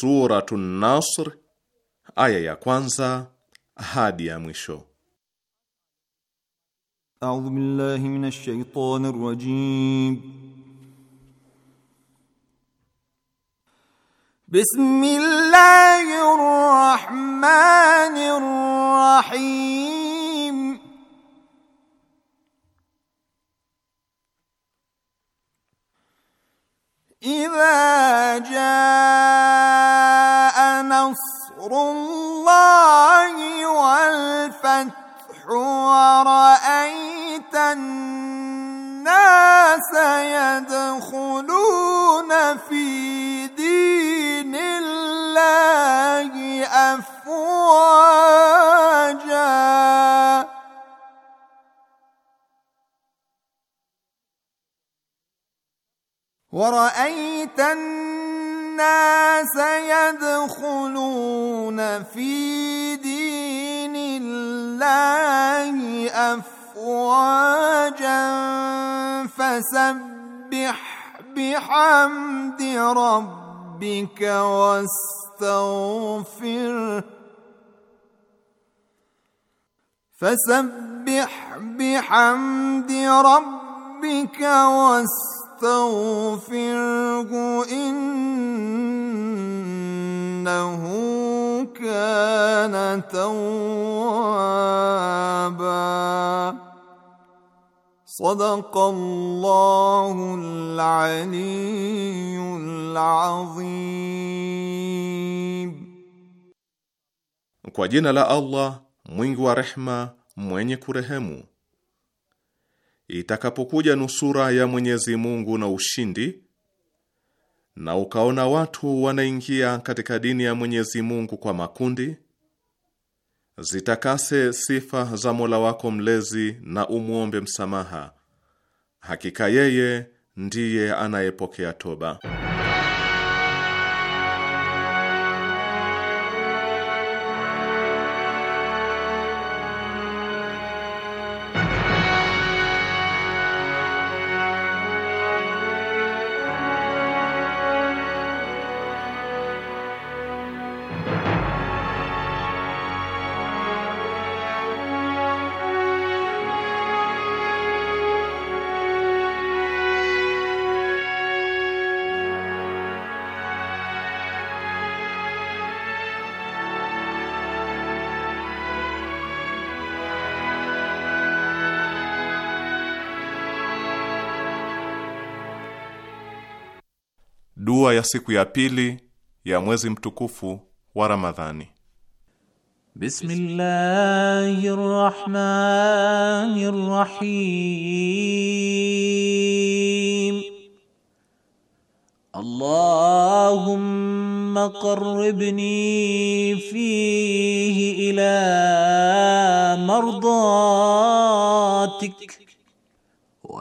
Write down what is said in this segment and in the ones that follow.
Suratun Nasr aya ya kwanza hadi ya mwisho. A'udhu billahi minash shaitanir rajim. Bismillahir rahmanir rahim. اذا جاء نصر الله والفتح ورايت الناس يدخلون في دين الله افواجا ورأيت الناس يدخلون في دين الله أفواجا فسبح بحمد ربك واستغفره فسبح بحمد ربك واستغفره فاستغفره إنه كان توابا صدق الله العلي العظيم Kwa jina la Allah mwingi wa rehma mwenye kurehemu itakapokuja nusura ya Mwenyezi Mungu na ushindi, na ukaona watu wanaingia katika dini ya Mwenyezi Mungu kwa makundi, zitakase sifa za Mola wako mlezi na umwombe msamaha. Hakika yeye ndiye anayepokea toba. ya siku ya pili ya mwezi mtukufu wa Ramadhani. Bismillahir Rahmanir Rahim. Allahumma qarribni fihi ila mardatik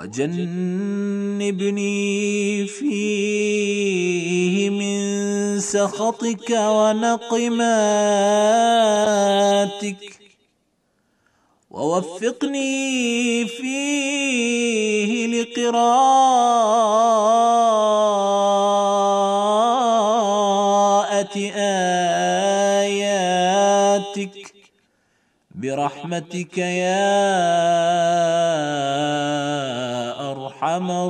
وجنبني فيه من سخطك ونقماتك ووفقني فيه لقراءة آياتك برحمتك يا arhamar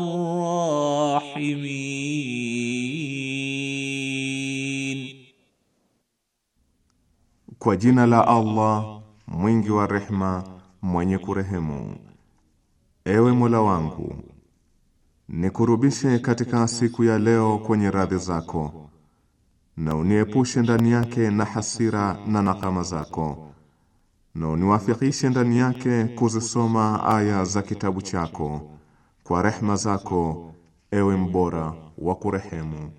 rahimin. Kwa jina la Allah mwingi wa rehma mwenye kurehemu. Ewe Mola wangu, nikurubishe katika siku ya leo kwenye radhi zako na uniepushe ndani yake na hasira na nakama zako na uniwafikishe ndani yake kuzisoma aya za kitabu chako kwa rehma zako ewe mbora wa kurehemu.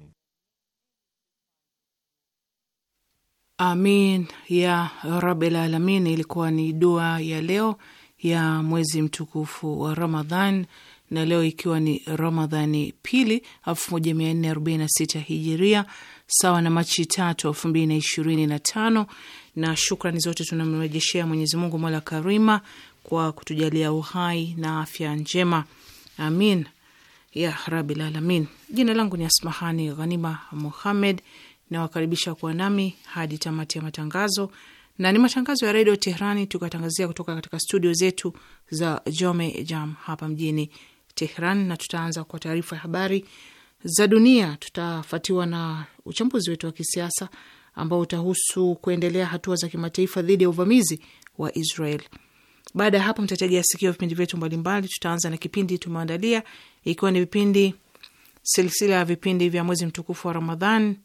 Amin ya rabbil alamin. Ilikuwa ni dua ya leo ya mwezi mtukufu wa Ramadhan, na leo ikiwa ni Ramadhani pili 1446 hijiria sawa na Machi tatu 2025. Na shukrani zote tunamrejeshea Mwenyezi Mungu mola karima kwa kutujalia uhai na afya njema amin ya rabil alamin. Jina langu ni Asmahani Ghanima Muhammed, nawakaribisha kuwa nami hadi tamati ya matangazo, na ni matangazo ya redio Teherani tukatangazia kutoka katika studio zetu za Jome Jam hapa mjini Tehran, na tutaanza kwa taarifa ya habari za dunia. Tutafuatiwa na uchambuzi wetu wa kisiasa ambao utahusu kuendelea hatua za kimataifa dhidi ya uvamizi wa Israel baada ya hapo, mtategea sikio vipindi vyetu mbalimbali. Tutaanza na kipindi tumeandalia, ikiwa ni vipindi silsila ya vipindi vya mwezi mtukufu wa Ramadhan.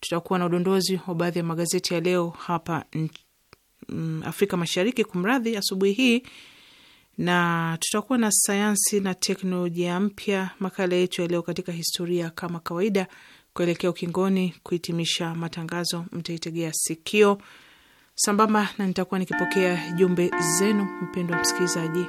Tutakuwa na udondozi wa baadhi ya magazeti ya leo hapa mm, Afrika Mashariki, kumradhi, asubuhi hii, na tutakuwa na sayansi na teknolojia mpya, makala yetu ya leo katika historia, kama kawaida, kuelekea ukingoni kuhitimisha matangazo. Mtaitegea sikio sambamba na nitakuwa nikipokea jumbe zenu, mpendwa msikilizaji.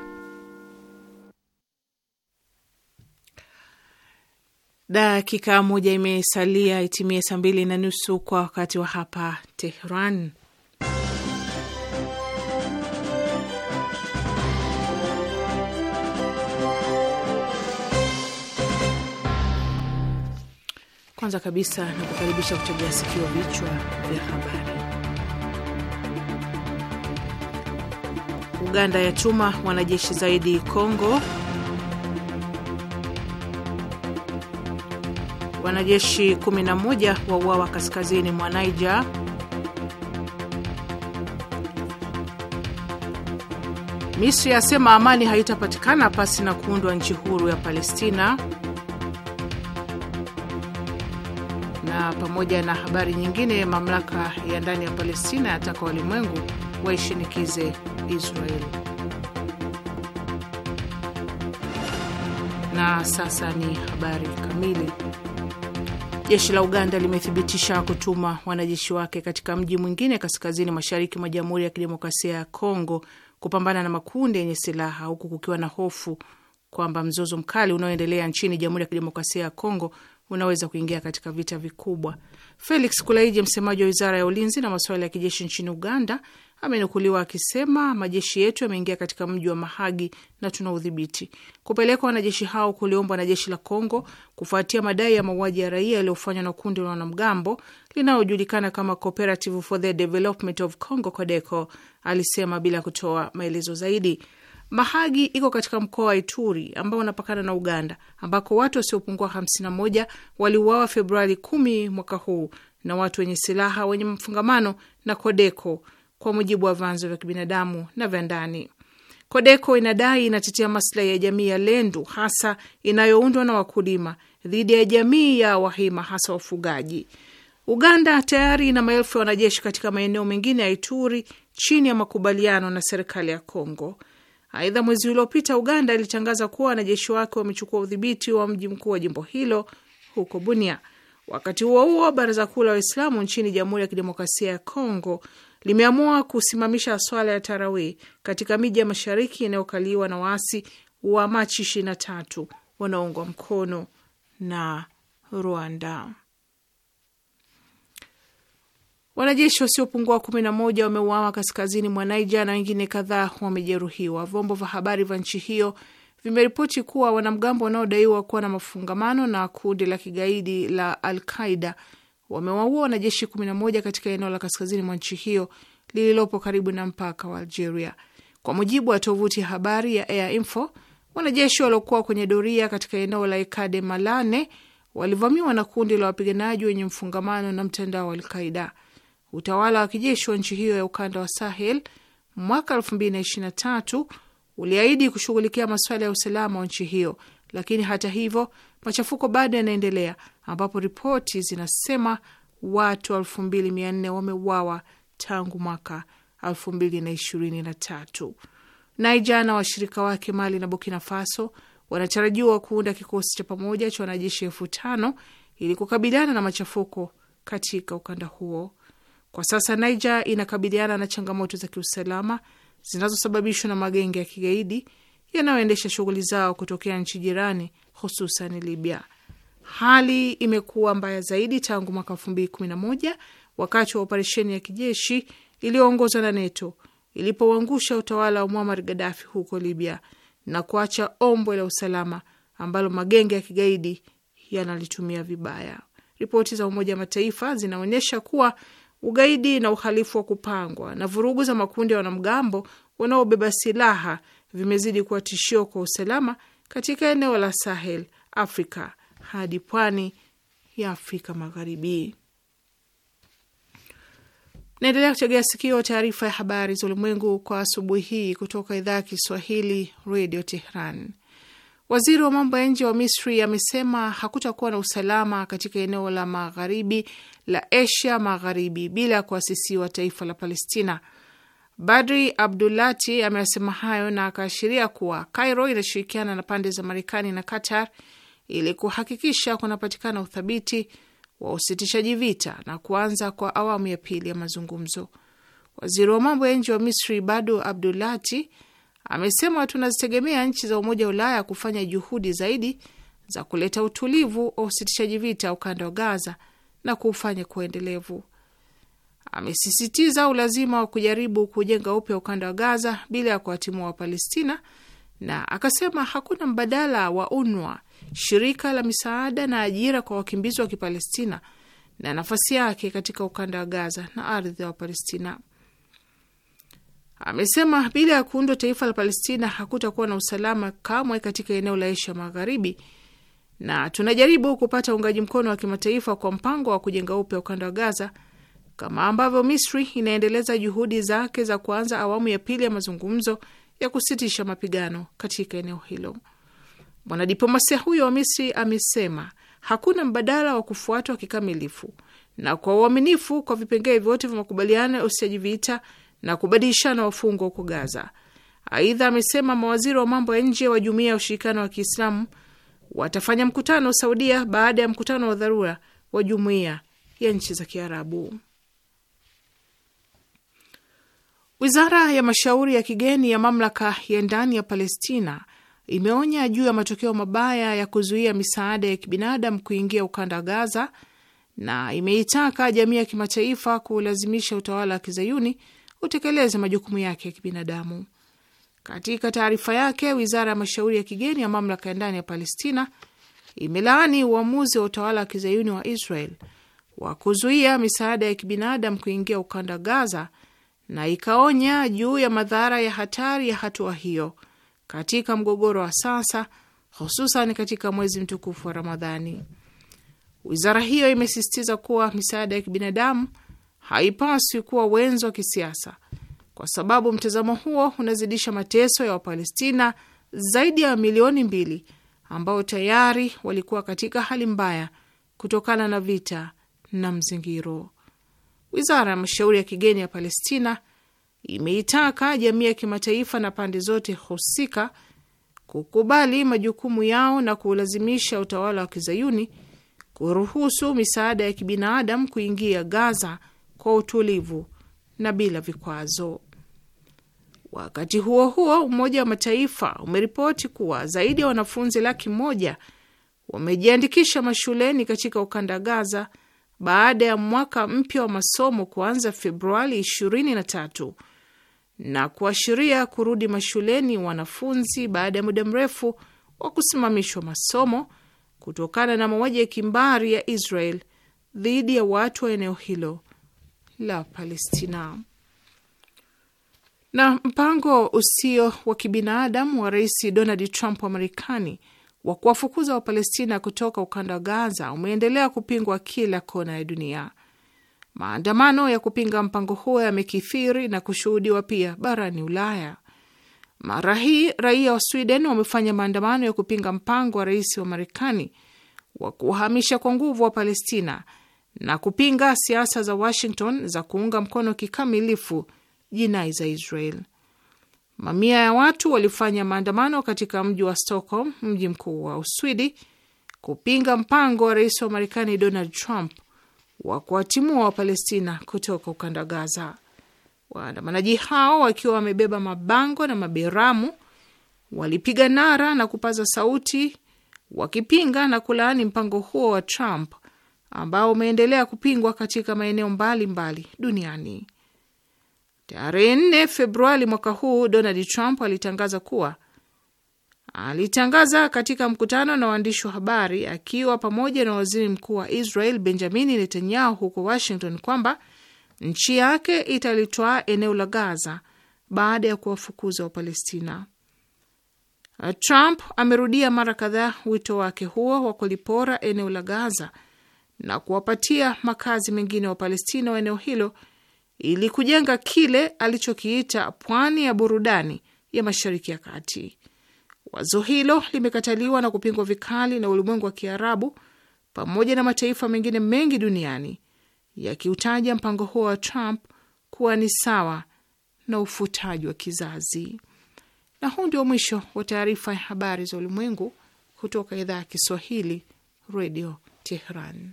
Dakika moja imesalia itimie saa mbili na nusu kwa wakati wa hapa Tehran. Kwanza kabisa na kukaribisha kutegea sikio vichwa vya habari. Uganda yatuma wanajeshi zaidi Kongo. Wanajeshi 11 wauawa kaskazini mwa Niger. Misri asema amani haitapatikana pasi na kuundwa nchi huru ya Palestina. Na pamoja na habari nyingine, mamlaka ya ndani ya Palestina yataka walimwengu waishinikize Israel. Na sasa ni habari kamili. Jeshi la Uganda limethibitisha kutuma wanajeshi wake katika mji mwingine kaskazini mashariki mwa Jamhuri ya Kidemokrasia ya Kongo kupambana na makundi yenye silaha huku kukiwa na hofu kwamba mzozo mkali unaoendelea nchini Jamhuri ya Kidemokrasia ya Kongo unaweza kuingia katika vita vikubwa. Felix Kulaije, msemaji wa wizara ya ulinzi na masuala ya kijeshi nchini Uganda, amenukuliwa akisema majeshi yetu yameingia katika mji wa Mahagi na tuna udhibiti. Kupelekwa wanajeshi hao kuliombwa na jeshi la Kongo kufuatia madai ya mauaji ya raia yaliyofanywa na kundi la wanamgambo linalojulikana kama Cooperative for the Development of Congo, CODECO, alisema bila kutoa maelezo zaidi. Mahagi iko katika mkoa wa Ituri ambao unapakana na Uganda, ambako watu wasiopungua 51 waliuawa Februari 10 mwaka huu na watu wenye silaha wenye mfungamano na CODECO kwa mujibu wa vyanzo vya kibinadamu na vya ndani. Kodeko inadai inatetea maslahi ya jamii ya Lendu, hasa inayoundwa na wakulima dhidi ya jamii ya Wahima, hasa wafugaji. Uganda tayari ina maelfu ya wanajeshi katika maeneo mengine ya Ituri chini ya makubaliano na serikali ya Kongo. Aidha, mwezi uliopita Uganda ilitangaza kuwa wanajeshi wake wamechukua udhibiti wa mji mkuu wa jimbo hilo huko Bunia. Wakati huo huo, baraza kuu la Waislamu nchini Jamhuri ya Kidemokrasia ya Kongo limeamua kusimamisha swala ya tarawih katika miji ya mashariki inayokaliwa na waasi wa Machi 23 wanaoungwa mkono na Rwanda. Wanajeshi wasiopungua kumi na moja wameuawa kaskazini mwa Naija na wengine kadhaa wamejeruhiwa. Vyombo vya habari vya nchi hiyo vimeripoti kuwa wanamgambo wanaodaiwa kuwa na mafungamano na kundi la kigaidi la Alqaida wamewaua wanajeshi 11 katika eneo la kaskazini mwa nchi hiyo lililopo karibu na mpaka wa Algeria. Kwa mujibu wa tovuti ya habari ya Air Info, wanajeshi waliokuwa kwenye doria katika eneo la ekade Malane walivamiwa na kundi la wapiganaji wenye mfungamano na mtandao wa Alqaida. Utawala wa kijeshi wa nchi hiyo ya ukanda wa Sahel mwaka 2023 uliahidi kushughulikia masuala ya usalama wa nchi hiyo, lakini hata hivyo Machafuko bado yanaendelea ambapo ripoti zinasema watu elfu mbili mia nne wameuawa tangu mwaka elfu mbili na ishirini na tatu. Naija na washirika wake Mali na Burkina Faso wanatarajiwa kuunda kikosi cha pamoja cha wanajeshi elfu tano ili kukabiliana na machafuko katika ukanda huo. Kwa sasa Niger inakabiliana na changamoto za kiusalama zinazosababishwa na magenge ya kigaidi yanayoendesha shughuli zao kutokea nchi jirani hususan Libya. Hali imekuwa mbaya zaidi tangu mwaka elfu mbili kumi na moja wakati wa operesheni ya kijeshi iliyoongozwa na NATO ilipoangusha utawala wa Muammar Gaddafi huko Libya na kuacha ombwe la usalama ambalo magenge ya kigaidi yanalitumia vibaya. Ripoti za Umoja wa Mataifa zinaonyesha kuwa ugaidi na uhalifu wa kupangwa na vurugu za makundi ya wanamgambo wanaobeba silaha vimezidi kuwa tishio kwa usalama katika eneo la Sahel Afrika hadi pwani ya Afrika Magharibi. Naendelea kuchegea sikio taarifa ya habari za ulimwengu kwa asubuhi hii kutoka idhaa ya Kiswahili redio Tehran. Waziri wa mambo ya nje wa Misri amesema hakutakuwa na usalama katika eneo la magharibi la Asia Magharibi bila ya kuasisiwa taifa la Palestina. Badri Abdulati amesema hayo na akaashiria kuwa Cairo inashirikiana na pande za Marekani na Qatar ili kuhakikisha kunapatikana uthabiti wa usitishaji vita na kuanza kwa awamu ya pili ya mazungumzo. Waziri wa mambo ya nje wa Misri Badu Abdulati amesema tunazitegemea nchi za Umoja wa Ulaya kufanya juhudi zaidi za kuleta utulivu wa usitishaji vita ukanda wa Gaza na kuufanya kuendelevu amesisitiza ulazima wa kujaribu kujenga upya ukanda wa Gaza bila ya kuwatimua Wapalestina, na akasema hakuna mbadala wa UNWA, shirika la misaada na ajira kwa wakimbizi wa Kipalestina, na nafasi yake katika ukanda wa Gaza na ardhi ya wa Wapalestina. Amesema bila ya kuundwa taifa la Palestina hakutakuwa na usalama kamwe katika eneo la Asia Magharibi, na tunajaribu kupata uungaji mkono wa kimataifa kwa mpango wa kujenga upya ukanda wa Gaza kama ambavyo Misri inaendeleza juhudi zake za kuanza awamu ya pili ya mazungumzo ya kusitisha mapigano katika eneo hilo. Mwanadiplomasia huyo wa Misri amesema hakuna mbadala wa kufuatwa kikamilifu na kwa uaminifu kwa vipengee vyote vya makubaliano ya usitishaji vita na kubadilishana wafungwa huko Gaza. Aidha, amesema mawaziri wa mambo ya nje wa Jumuiya ya Ushirikiano wa Kiislamu watafanya mkutano Saudia baada ya mkutano wa dharura wa Jumuiya ya Nchi za Kiarabu. Wizara ya mashauri ya kigeni ya mamlaka ya ndani ya Palestina imeonya juu ya matokeo mabaya ya kuzuia misaada ya kibinadamu kuingia ukanda wa Gaza na imeitaka jamii ya kimataifa kuulazimisha utawala wa kizayuni utekeleze majukumu yake ya kibinadamu. Katika taarifa yake, wizara ya mashauri ya kigeni ya mamlaka ya ndani ya Palestina imelaani uamuzi wa utawala wa kizayuni wa Israel wa kuzuia misaada ya kibinadamu kuingia ukanda wa Gaza na ikaonya juu ya madhara ya hatari ya hatua hiyo katika mgogoro wa sasa, hususan katika mwezi mtukufu wa Ramadhani. Wizara hiyo imesisitiza kuwa misaada ya kibinadamu haipaswi kuwa wenzo wa kisiasa, kwa sababu mtazamo huo unazidisha mateso ya Wapalestina zaidi ya milioni mbili ambao tayari walikuwa katika hali mbaya kutokana na vita na mzingiro. Wizara ya mashauri ya kigeni ya Palestina imeitaka jamii ya kimataifa na pande zote husika kukubali majukumu yao na kuulazimisha utawala wa kizayuni kuruhusu misaada ya kibinadamu kuingia Gaza kwa utulivu na bila vikwazo. Wakati huo huo, Umoja wa Mataifa umeripoti kuwa zaidi ya wanafunzi laki moja wamejiandikisha mashuleni katika ukanda Gaza baada ya mwaka mpya wa masomo kuanza Februari 23 na kuashiria kurudi mashuleni wanafunzi baada ya muda mrefu wa kusimamishwa masomo kutokana na mauaji ya kimbari ya Israel dhidi ya watu wa eneo hilo la Palestina. Na mpango usio wa kibinadamu wa Rais Donald Trump wa Marekani wa kuwafukuza Wapalestina kutoka ukanda wa Gaza umeendelea kupingwa kila kona ya dunia. Maandamano ya kupinga mpango huo yamekithiri na kushuhudiwa pia barani Ulaya. Mara hii raia wa Sweden wamefanya maandamano ya kupinga mpango wa rais wa Marekani wa kuwahamisha kwa nguvu wa Palestina na kupinga siasa za Washington za kuunga mkono kikamilifu jinai za Israel. Mamia ya watu walifanya maandamano katika mji wa Stockholm, mji mkuu wa Uswidi, kupinga mpango wa rais wa Marekani Donald Trump wa kuwatimua Wapalestina kutoka ukanda Gaza. Waandamanaji hao wakiwa wamebeba mabango na maberamu walipiga nara na kupaza sauti wakipinga na kulaani mpango huo wa Trump ambao umeendelea kupingwa katika maeneo mbalimbali duniani. Tarehe 4 Februari mwaka huu Donald Trump alitangaza kuwa alitangaza katika mkutano na waandishi wa habari akiwa pamoja na waziri mkuu wa Israel Benjamini Netanyahu huko Washington kwamba nchi yake italitwaa eneo la Gaza baada ya kuwafukuza Wapalestina. Trump amerudia mara kadhaa wito wake huo wa kulipora eneo la Gaza na kuwapatia makazi mengine wa palestina wa eneo hilo ili kujenga kile alichokiita pwani ya burudani ya Mashariki ya Kati. Wazo hilo limekataliwa na kupingwa vikali na ulimwengu wa Kiarabu pamoja na mataifa mengine mengi duniani yakiutaja mpango huo wa Trump kuwa ni sawa na ufutaji wa kizazi. Na huu ndio mwisho wa taarifa ya habari za ulimwengu kutoka idhaa ya Kiswahili, Radio Tehran.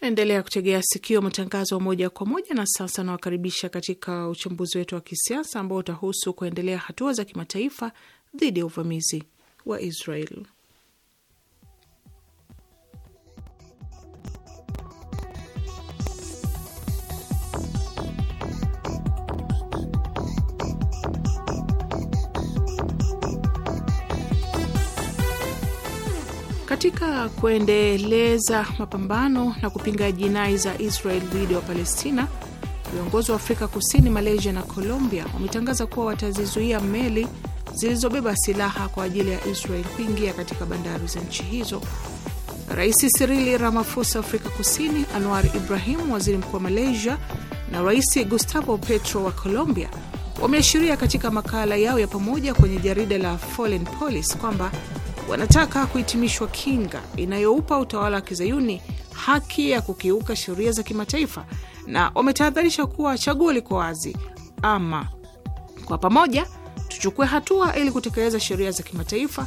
Naendelea kutegea sikio matangazo ya moja kwa moja. Na sasa nawakaribisha katika uchambuzi wetu wa kisiasa ambao utahusu kuendelea hatua za kimataifa dhidi ya uvamizi wa Israel. Katika kuendeleza mapambano na kupinga jinai za Israel dhidi ya Palestina, viongozi wa Afrika Kusini, Malaysia na Colombia wametangaza kuwa watazizuia meli zilizobeba silaha kwa ajili ya Israel kuingia katika bandari za nchi hizo. Rais Cyril Ramaphosa Afrika Kusini, Anwar Ibrahim waziri mkuu wa Malaysia na Rais Gustavo Petro wa Colombia wameashiria katika makala yao ya pamoja kwenye jarida la Foreign Policy kwamba wanataka kuhitimishwa kinga inayoupa utawala wa kizayuni haki ya kukiuka sheria za kimataifa, na wametahadharisha kuwa chaguo liko wazi: ama kwa pamoja tuchukue hatua ili kutekeleza sheria za kimataifa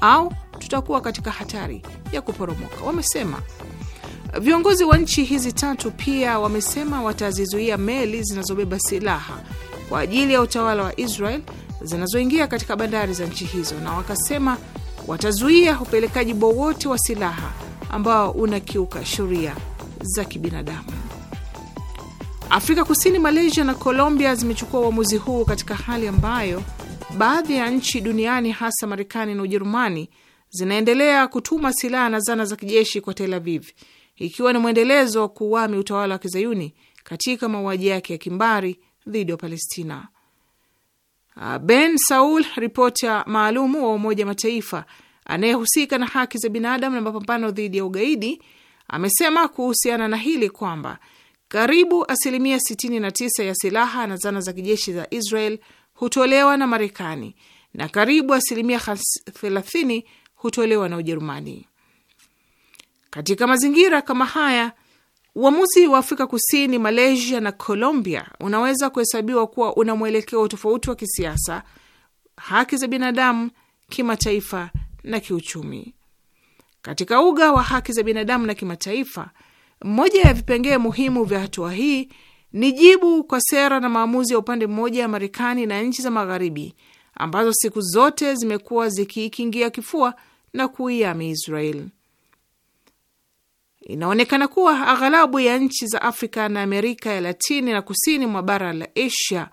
au tutakuwa katika hatari ya kuporomoka, wamesema. Viongozi wa nchi hizi tatu pia wamesema watazizuia meli zinazobeba silaha kwa ajili ya utawala wa Israel zinazoingia katika bandari za nchi hizo, na wakasema watazuia upelekaji wowote wa silaha ambao unakiuka sheria za kibinadamu. Afrika Kusini, Malaysia na Colombia zimechukua uamuzi huu katika hali ambayo baadhi ya nchi duniani hasa Marekani na Ujerumani zinaendelea kutuma silaha na zana za kijeshi kwa Tel Aviv, ikiwa ni mwendelezo wa kuuami utawala wa kizayuni katika mauaji yake ya kimbari dhidi ya Palestina. Ah, ben Saul, ripota maalumu wa Umoja Mataifa anayehusika na haki za binadamu na mapambano dhidi ya ugaidi, amesema kuhusiana na hili kwamba karibu asilimia 69 ya silaha na zana za kijeshi za Israel hutolewa na Marekani na karibu asilimia 30 hutolewa na Ujerumani. Katika mazingira kama haya Uamuzi wa Afrika Kusini, Malaysia na Colombia unaweza kuhesabiwa kuwa una mwelekeo tofauti wa kisiasa, haki za binadamu kimataifa na kiuchumi. Katika uga wa haki za binadamu na kimataifa, moja ya vipengee muhimu vya hatua hii ni jibu kwa sera na maamuzi ya upande mmoja ya Marekani na nchi za Magharibi ambazo siku zote zimekuwa zikiikingia kifua na kuiami Israel. Inaonekana kuwa aghalabu ya nchi za Afrika na Amerika ya Latini na kusini mwa bara la Asia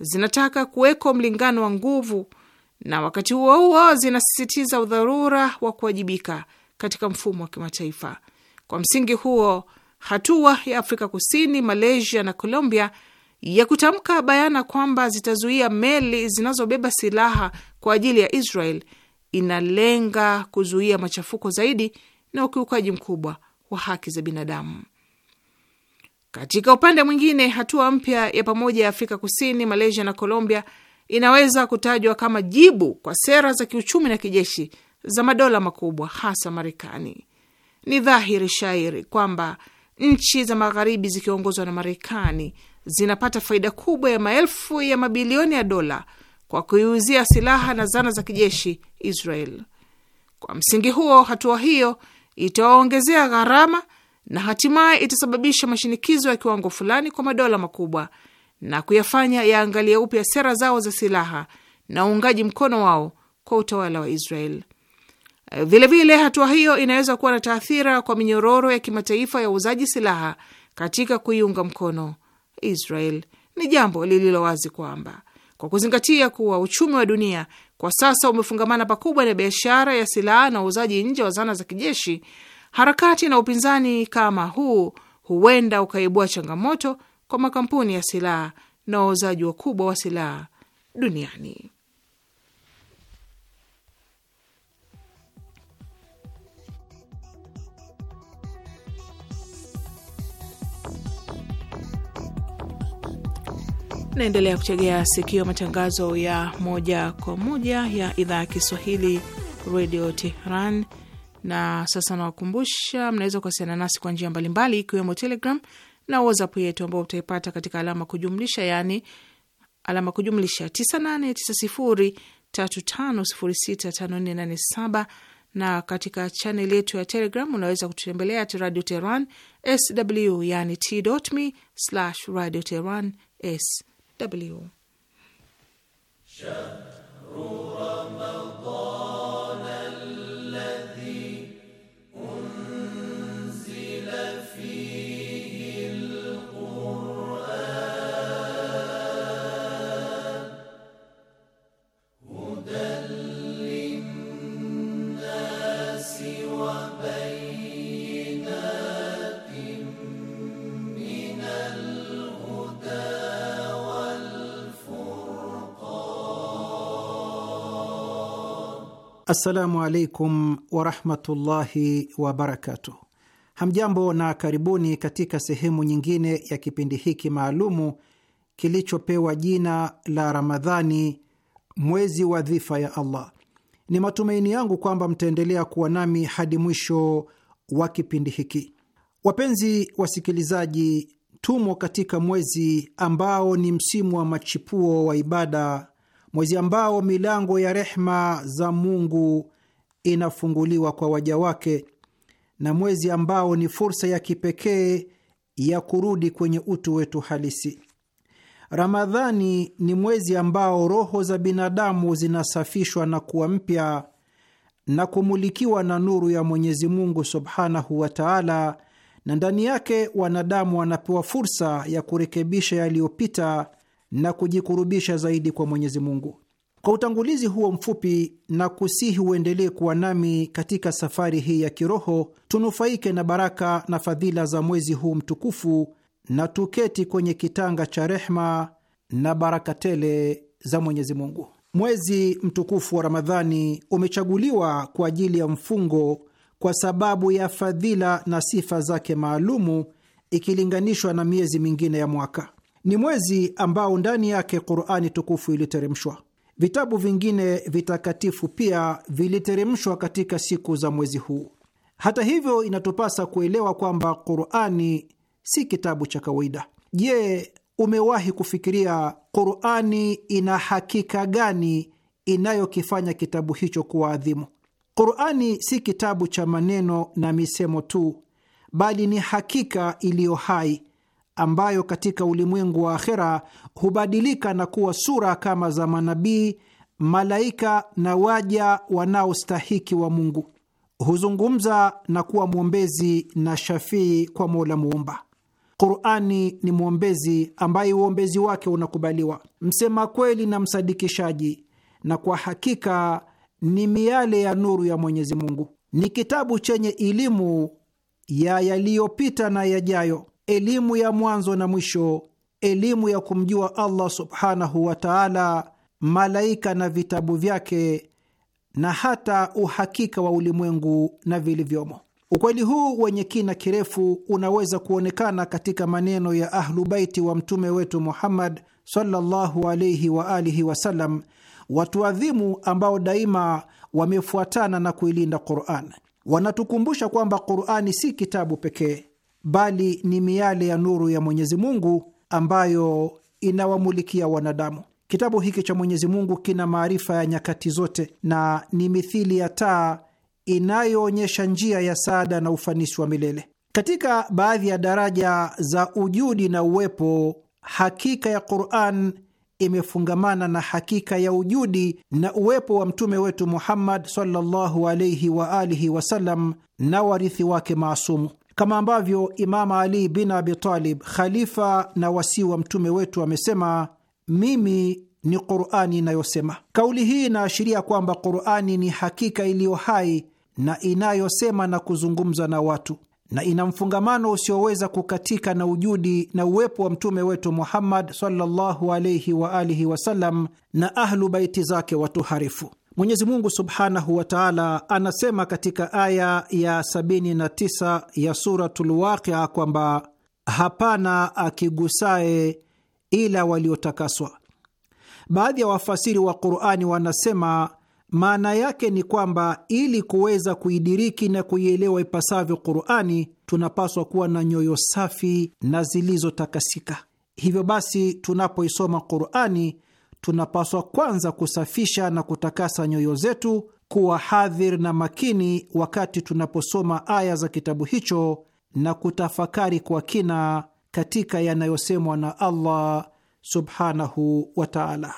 zinataka kuweko mlingano wa nguvu, na wakati huo huo zinasisitiza udharura wa kuwajibika katika mfumo wa kimataifa. Kwa msingi huo, hatua ya Afrika Kusini, Malaysia na Colombia ya kutamka bayana kwamba zitazuia meli zinazobeba silaha kwa ajili ya Israel inalenga kuzuia machafuko zaidi na ukiukaji mkubwa wa haki za binadamu. Katika upande mwingine, hatua mpya ya pamoja ya Afrika Kusini, Malaysia na Colombia inaweza kutajwa kama jibu kwa sera za kiuchumi na kijeshi za madola makubwa, hasa Marekani. Ni dhahiri shairi kwamba nchi za magharibi zikiongozwa na Marekani zinapata faida kubwa ya maelfu ya mabilioni ya dola kwa kuiuzia silaha na zana za kijeshi Israel. Kwa msingi huo, hatua hiyo itawaongezea gharama na hatimaye itasababisha mashinikizo ya kiwango fulani kwa madola makubwa na kuyafanya yaangalie upya sera zao za silaha na uungaji mkono wao kwa utawala wa Israel. Vilevile, hatua hiyo inaweza kuwa na taathira kwa minyororo ya kimataifa ya uuzaji silaha katika kuiunga mkono Israel. Ni jambo lililo wazi kwamba kwa kuzingatia kuwa uchumi wa dunia kwa sasa umefungamana pakubwa na biashara ya silaha na uuzaji nje wa zana za kijeshi, harakati na upinzani kama huu huenda ukaibua changamoto kwa makampuni ya silaha na wauzaji wakubwa wa silaha duniani. Naendelea kutegea sikio matangazo ya moja kwa moja ya idhaa ya Kiswahili radio Tehran. Na sasa nawakumbusha, mnaweza kuwasiliana nasi kwa njia mbalimbali, ikiwemo Telegram na WhatsApp yetu ambao utaipata katika alama kujumlisha, yani alama kujumlisha 989035065487 na katika chaneli yetu ya Telegram unaweza kututembelea at Radio tehran sw, yani t.me slash Radio Teheran sw w Assalamu alaikum warahmatullahi wabarakatuh. Hamjambo na karibuni katika sehemu nyingine ya kipindi hiki maalumu kilichopewa jina la Ramadhani, mwezi wa dhifa ya Allah. Ni matumaini yangu kwamba mtaendelea kuwa nami hadi mwisho wa kipindi hiki. Wapenzi wasikilizaji, tumo katika mwezi ambao ni msimu wa machipuo wa ibada mwezi ambao milango ya rehma za Mungu inafunguliwa kwa waja wake na mwezi ambao ni fursa ya kipekee ya kurudi kwenye utu wetu halisi. Ramadhani ni mwezi ambao roho za binadamu zinasafishwa na kuwa mpya na kumulikiwa na nuru ya Mwenyezi Mungu subhanahu wa taala, na ndani yake wanadamu wanapewa fursa ya kurekebisha yaliyopita na kujikurubisha zaidi kwa Mwenyezi Mungu. Kwa utangulizi huo mfupi, na kusihi uendelee kuwa nami katika safari hii ya kiroho, tunufaike na baraka na fadhila za mwezi huu mtukufu, na tuketi kwenye kitanga cha rehma na baraka tele za Mwenyezi Mungu. Mwezi mtukufu wa Ramadhani umechaguliwa kwa ajili ya mfungo kwa sababu ya fadhila na sifa zake maalumu ikilinganishwa na miezi mingine ya mwaka. Ni mwezi ambao ndani yake Qurani tukufu iliteremshwa. Vitabu vingine vitakatifu pia viliteremshwa katika siku za mwezi huu. Hata hivyo, inatupasa kuelewa kwamba Qurani si kitabu cha kawaida. Je, umewahi kufikiria Qurani ina hakika gani inayokifanya kitabu hicho kuwa adhimu? Qurani si kitabu cha maneno na misemo tu, bali ni hakika iliyo hai ambayo katika ulimwengu wa akhera hubadilika na kuwa sura kama za manabii, malaika na waja wanaostahiki wa Mungu. Huzungumza na kuwa mwombezi na shafii kwa Mola Muumba. Qurani ni mwombezi ambaye uombezi wake unakubaliwa, msema kweli na msadikishaji, na kwa hakika ni miale ya nuru ya Mwenyezi Mungu. Ni kitabu chenye elimu ya yaliyopita na yajayo elimu ya mwanzo na mwisho, elimu ya kumjua Allah subhanahu wa taala, malaika na vitabu vyake, na hata uhakika wa ulimwengu na vilivyomo. Ukweli huu wenye kina kirefu unaweza kuonekana katika maneno ya ahlubaiti wa mtume wetu Muhammad sallallahu wa alihi wasallam, watu adhimu ambao daima wamefuatana na kuilinda Quran. Wanatukumbusha kwamba Qurani si kitabu pekee bali ni miale ya nuru ya Mwenyezi Mungu ambayo inawamulikia wanadamu. Kitabu hiki cha Mwenyezi Mungu kina maarifa ya nyakati zote na ni mithili ya taa inayoonyesha njia ya saada na ufanisi wa milele. Katika baadhi ya daraja za ujudi na uwepo, hakika ya Quran imefungamana na hakika ya ujudi na uwepo wa mtume wetu Muhammad sallallahu alaihi wa alihi wasallam na warithi wake maasumu kama ambavyo Imama Ali bin Abi Talib, khalifa na wasii wa mtume wetu, amesema mimi ni Qurani inayosema. Kauli hii inaashiria kwamba Qurani ni hakika iliyo hai na inayosema na kuzungumza na watu na ina mfungamano usioweza kukatika na ujudi na uwepo wa mtume wetu Muhammad sallallahu wa alihi wasallam na ahlu baiti zake watuharifu. Mwenyezi Mungu subhanahu wa taala anasema katika aya ya 79 ya Suratul Waqia kwamba hapana akigusaye ila waliotakaswa. Baadhi ya wafasiri wa Qurani wanasema maana yake ni kwamba ili kuweza kuidiriki na kuielewa ipasavyo Qurani, tunapaswa kuwa na nyoyo safi na zilizotakasika. Hivyo basi, tunapoisoma Qurani tunapaswa kwanza kusafisha na kutakasa nyoyo zetu, kuwa hadhir na makini wakati tunaposoma aya za kitabu hicho na kutafakari kwa kina katika yanayosemwa na Allah subhanahu wa taala.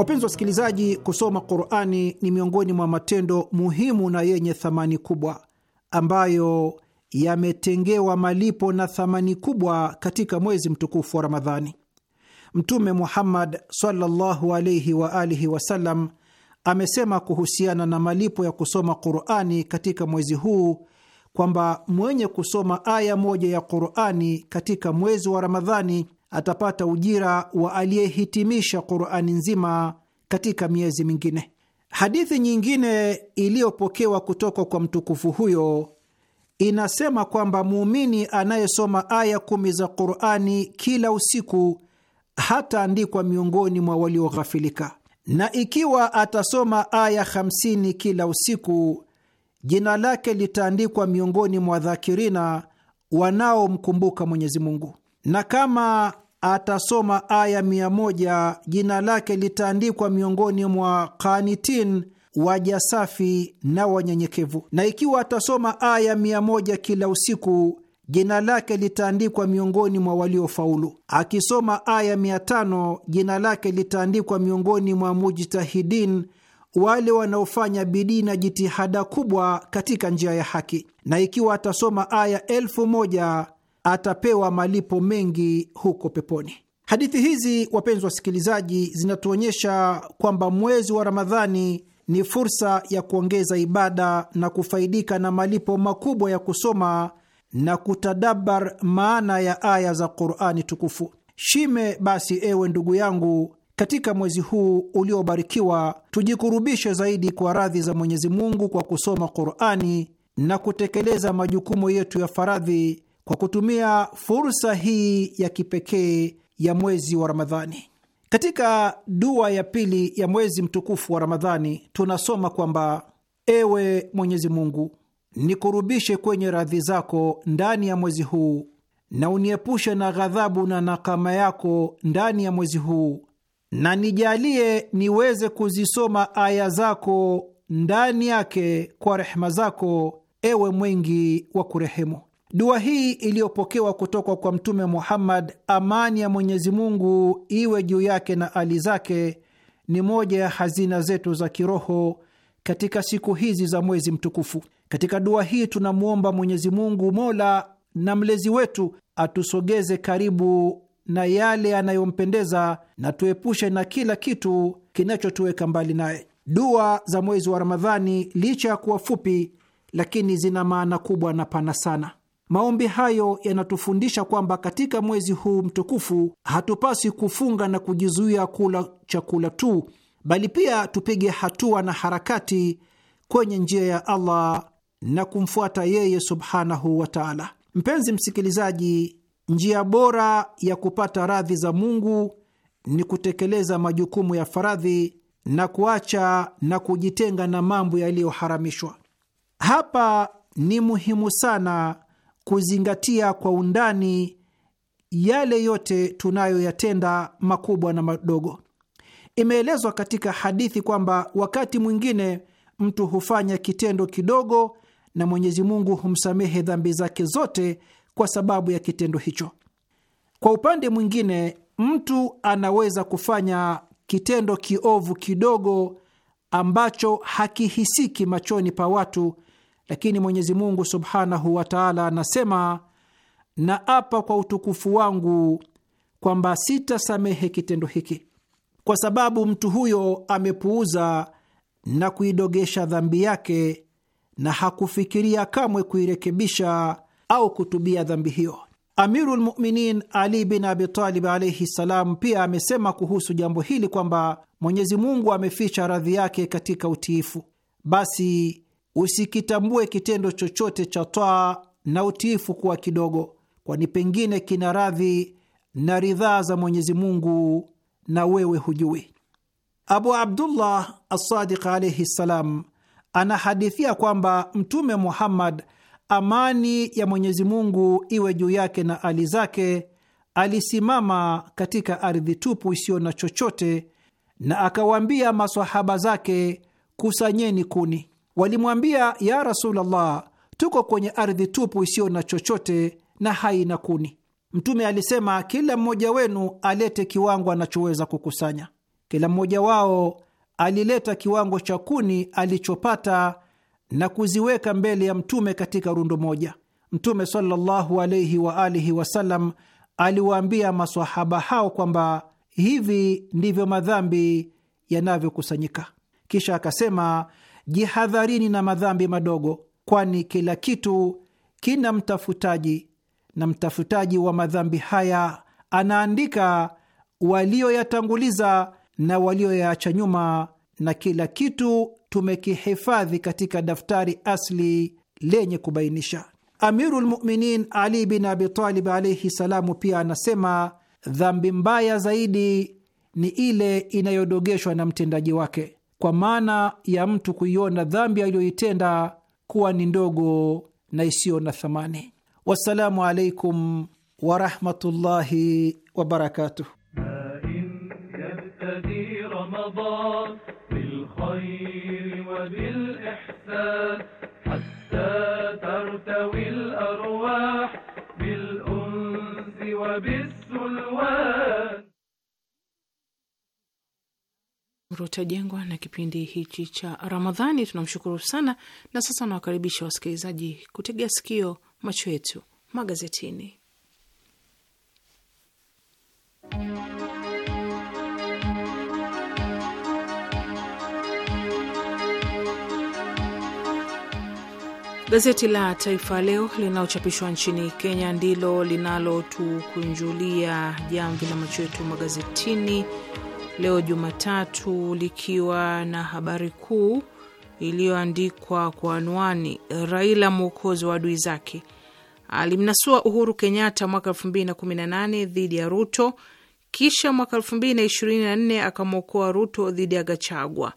Wapenzi wasikilizaji, kusoma Qurani ni miongoni mwa matendo muhimu na yenye thamani kubwa ambayo yametengewa malipo na thamani kubwa katika mwezi mtukufu wa Ramadhani. Mtume Muhammad sallallahu alayhi wa alihi wasallam amesema kuhusiana na malipo ya kusoma Qurani katika mwezi huu kwamba mwenye kusoma aya moja ya Qurani katika mwezi wa Ramadhani atapata ujira wa aliyehitimisha Qurani nzima katika miezi mingine. Hadithi nyingine iliyopokewa kutoka kwa mtukufu huyo inasema kwamba muumini anayesoma aya kumi za Qurani kila usiku hataandikwa miongoni mwa walioghafilika, na ikiwa atasoma aya 50 kila usiku jina lake litaandikwa miongoni mwa dhakirina wanaomkumbuka Mwenyezi Mungu. Na kama atasoma aya mia moja, jina lake litaandikwa miongoni mwa kanitin waja safi na wanyenyekevu. Na ikiwa atasoma aya mia moja kila usiku, jina lake litaandikwa miongoni mwa waliofaulu. Akisoma aya mia tano, jina lake litaandikwa miongoni mwa mujtahidin, wale wanaofanya bidii na jitihada kubwa katika njia ya haki. Na ikiwa atasoma aya elfu moja atapewa malipo mengi huko peponi. Hadithi hizi, wapenzi wasikilizaji, zinatuonyesha kwamba mwezi wa Ramadhani ni fursa ya kuongeza ibada na kufaidika na malipo makubwa ya kusoma na kutadabar maana ya aya za Qur'ani tukufu. Shime basi, ewe ndugu yangu, katika mwezi huu uliobarikiwa, tujikurubishe zaidi kwa radhi za Mwenyezi Mungu kwa kusoma Qur'ani na kutekeleza majukumu yetu ya faradhi kwa kutumia fursa hii ya kipekee ya mwezi wa Ramadhani. Katika dua ya pili ya mwezi mtukufu wa Ramadhani tunasoma kwamba ewe Mwenyezi Mungu, nikurubishe kwenye radhi zako ndani ya mwezi huu na uniepushe na ghadhabu na nakama yako ndani ya mwezi huu, na nijalie niweze kuzisoma aya zako ndani yake kwa rehema zako, ewe mwengi wa kurehemu. Dua hii iliyopokewa kutoka kwa Mtume Muhammad, amani ya Mwenyezi Mungu iwe juu yake na ali zake, ni moja ya hazina zetu za kiroho katika siku hizi za mwezi mtukufu. Katika dua hii tunamwomba Mwenyezi Mungu, mola na mlezi wetu, atusogeze karibu na yale yanayompendeza na tuepushe na kila kitu kinachotuweka mbali naye. Dua za mwezi wa Ramadhani, licha ya kuwa fupi, lakini zina maana kubwa na pana sana. Maombi hayo yanatufundisha kwamba katika mwezi huu mtukufu hatupaswi kufunga na kujizuia kula chakula tu, bali pia tupige hatua na harakati kwenye njia ya Allah na kumfuata yeye subhanahu wa taala. Mpenzi msikilizaji, njia bora ya kupata radhi za Mungu ni kutekeleza majukumu ya faradhi na kuacha na kujitenga na mambo yaliyoharamishwa. Hapa ni muhimu sana kuzingatia kwa undani yale yote tunayoyatenda makubwa na madogo. Imeelezwa katika hadithi kwamba wakati mwingine mtu hufanya kitendo kidogo na Mwenyezi Mungu humsamehe dhambi zake zote kwa sababu ya kitendo hicho. Kwa upande mwingine, mtu anaweza kufanya kitendo kiovu kidogo ambacho hakihisiki machoni pa watu lakini Mwenyezi Mungu subhanahu wa taala anasema, naapa kwa utukufu wangu kwamba sitasamehe kitendo hiki, kwa sababu mtu huyo amepuuza na kuidogesha dhambi yake na hakufikiria kamwe kuirekebisha au kutubia dhambi hiyo. amirulmuminin Ali bin Abitalib alaihi ssalam pia amesema kuhusu jambo hili kwamba Mwenyezi Mungu ameficha radhi yake katika utiifu, basi Usikitambue kitendo chochote cha twaa na utiifu kuwa kidogo, kwani pengine kina radhi na ridhaa za Mwenyezi Mungu na wewe hujui. Abu Abdullah Assadiq alaihi ssalam anahadithia kwamba Mtume Muhammad, amani ya Mwenyezi Mungu iwe juu yake na ali zake, alisimama katika ardhi tupu isiyo na chochote, na akawaambia masahaba zake, kusanyeni kuni Walimwambia, ya Rasulullah, tuko kwenye ardhi tupu isiyo na chochote na haina kuni. Mtume alisema, kila mmoja wenu alete kiwango anachoweza kukusanya. Kila mmoja wao alileta kiwango cha kuni alichopata na kuziweka mbele ya Mtume katika rundo moja. Mtume sallallahu wa alihi wasallam aliwaambia masahaba hao kwamba hivi ndivyo madhambi yanavyokusanyika. Kisha akasema jihadharini na madhambi madogo, kwani kila kitu kina mtafutaji, na mtafutaji wa madhambi haya anaandika walioyatanguliza na walioyaacha nyuma, na kila kitu tumekihifadhi katika daftari asli lenye kubainisha. Amirul Muminin Ali bin Abitalib alaihi salamu pia anasema dhambi mbaya zaidi ni ile inayodogeshwa na mtendaji wake kwa maana ya mtu kuiona dhambi aliyoitenda kuwa ni ndogo na isiyo na thamani. Wassalamu alaikum warahmatullahi wabarakatuh. utajengwa na kipindi hichi cha Ramadhani. Tunamshukuru sana, na sasa nawakaribisha wasikilizaji kutegea sikio macho yetu magazetini. Gazeti la Taifa Leo linalochapishwa nchini Kenya ndilo linalotukunjulia jamvi la macho yetu magazetini leo Jumatatu, likiwa na habari kuu iliyoandikwa kwa anwani Raila mwokozi wa adui zake alimnasua Uhuru Kenyatta mwaka elfu mbili na na kumi nane dhidi ya Ruto, kisha mwaka elfu mbili na na ishirini nne akamwokoa Ruto dhidi ya Gachagua.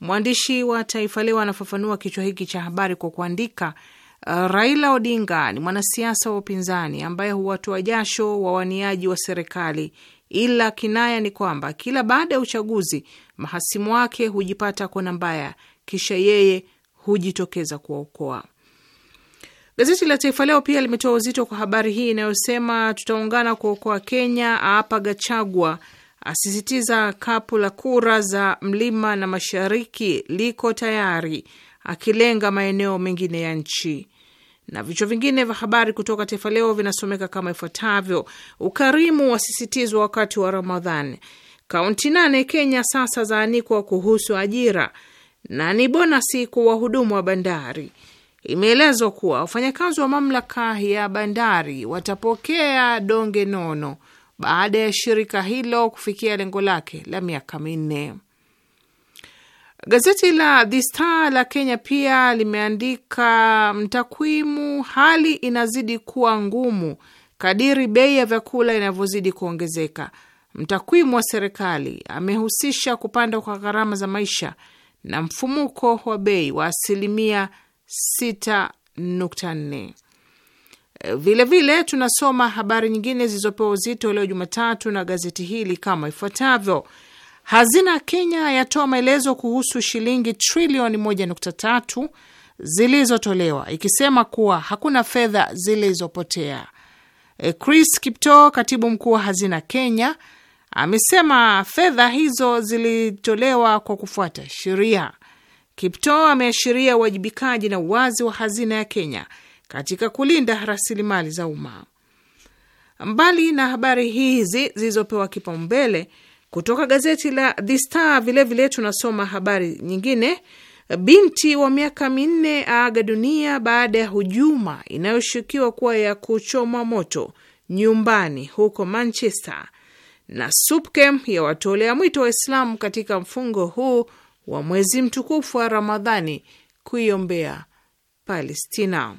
Mwandishi wa Taifa Leo anafafanua kichwa hiki cha habari kwa kuandika, Raila Odinga ni mwanasiasa wa upinzani ambaye huwatoa jasho wawaniaji wa serikali ila kinaya ni kwamba kila baada ya uchaguzi mahasimu wake hujipata kona mbaya, kisha yeye hujitokeza kuwaokoa. Gazeti la Taifa Leo pia limetoa uzito kwa habari hii inayosema tutaungana kuokoa Kenya, aapa Gachagua, asisitiza kapu la kura za mlima na mashariki liko tayari, akilenga maeneo mengine ya nchi na vichwa vingine vya habari kutoka Taifa Leo vinasomeka kama ifuatavyo: ukarimu wasisitizwa wakati wa ramadhan kaunti nane Kenya sasa zaanikwa kuhusu ajira, na ni bonasi kwa wahudumu wa bandari. Imeelezwa kuwa wafanyakazi wa mamlaka ya bandari watapokea donge nono baada ya shirika hilo kufikia lengo lake la miaka minne. Gazeti la The Star la Kenya pia limeandika mtakwimu, hali inazidi kuwa ngumu kadiri bei ya vyakula inavyozidi kuongezeka. Mtakwimu wa serikali amehusisha kupanda kwa gharama za maisha na mfumuko wa bei wa asilimia 6.4. Vilevile tunasoma habari nyingine zilizopewa uzito leo Jumatatu na gazeti hili kama ifuatavyo: Hazina Kenya yatoa maelezo kuhusu shilingi trilioni 1.3 zilizotolewa ikisema kuwa hakuna fedha zilizopotea. E, Chris Kipto, katibu mkuu wa Hazina Kenya, amesema fedha hizo zilitolewa kwa kufuata sheria. Kipto ameashiria uwajibikaji na uwazi wa Hazina ya Kenya katika kulinda rasilimali za umma. Mbali na habari hizi zilizopewa kipaumbele kutoka gazeti la The Star vilevile vile tunasoma habari nyingine. Binti wa miaka minne aaga dunia baada ya hujuma inayoshukiwa kuwa ya kuchomwa moto nyumbani huko Manchester. Na SUPKEM ya watolea mwito wa Islamu katika mfungo huu wa mwezi mtukufu wa Ramadhani kuiombea Palestina.